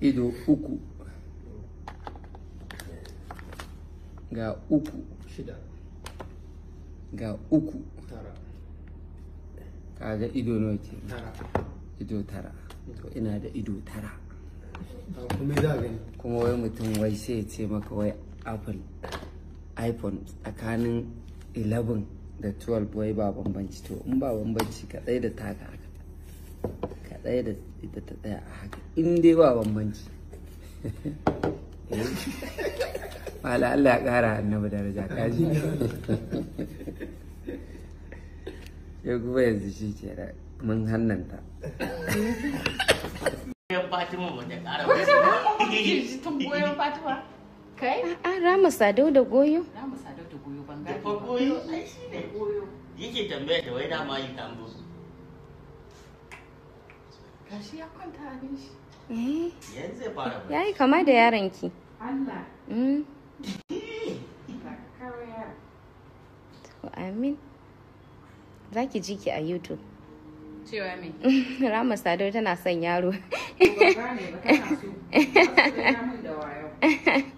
ido uku ga uku ga uku kaga ido nawa ke ido tara to ina da ido tara kuma wai mutum wai sai ya ce maka wai apple iphone tsakanin 11 da 12 wai ba bambanci to in ba bambanci tsaye da taka haka tsaye da ita ta tsaya a haka in dai ba bambanci Mala Allah ya ƙara annabi daraja kaji. Sai kuma yanzu shi ke da mun hannanta. Fatima Kai? A'a Rama Sadau da Goyo. Rama Sadau da Goyo ban kike tambaya da wai dama yi tambo musu gashi ya kwanta abin shi eh yanzu ya fara yayi kama da yaron ki Allah mm to amin zaki ji ki a YouTube cewa me Rama Sado tana son yaro ba ne ba kana so da wayo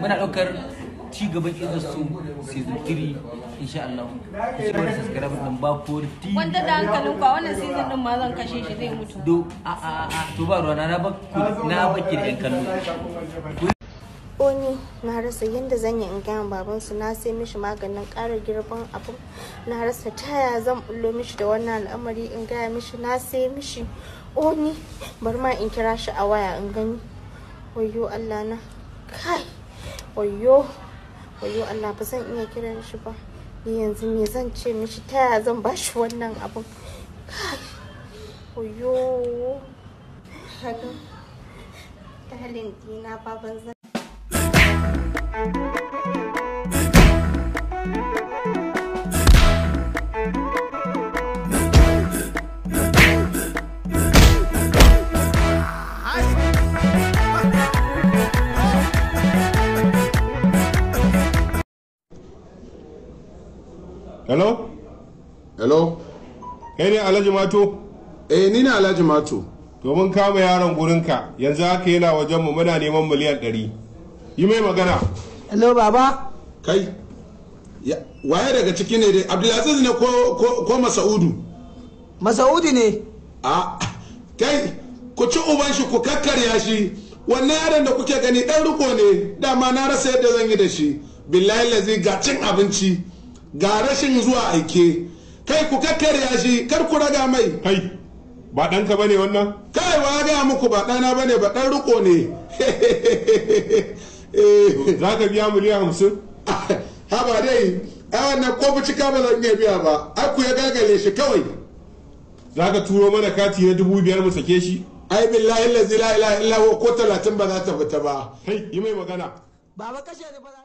muna daukar ci gaban industry season 3 insha Allah ku ci wani subscribe din ba for TV wanda da hankalin kwa wannan season din ma zan kashe shi zai mutu do a a to ba ruwa na ba na ba ki da yan kallo oni ne na rasa yadda zan yi in gaya babansu na sai mishi maganin ƙara girban abu na rasa taya zan bullo mishi da wannan al'amari in gaya mishi na sai mishi oni bar ma in kira shi a waya in gani wayo allah na kai wayo wayo allah ba zan iya kiran shi ba ni yanzu me zan ce mishi taya zan zan bashi wannan abun kai wayo halin dina baban hello hello kai ne alhaji mato eh ni ne alhaji mato domin kama yaron gurinka yanzu haka yana wajenmu muna neman miliyan ɗari yi mai magana hello baba kai waye daga ciki ne dai abdulaziz ne ko, ko, ko masaudu masaudu ne a kai ku ci uban shi ku kakkarya shi wannan yaron da kuke gani ɗan riko ne dama na rasa yadda zan yi da shi billahi lazi ga cin abinci ga rashin zuwa aike kai ku kakkar shi kar ku raga mai kai ba ɗanka bane wannan kai wa ga muku ba ɗana bane ba ɗan riko ne za ka biya miliyan hamsin ha ba dai a wannan ko cika ba zan iya biya ba ai ku ya gagale shi kawai za ka turo mana kati na dubu biyar mu sake shi ai billahi la ilaha illa ko talatin ba za ta fita ba kai yi mai magana kashe ne ba za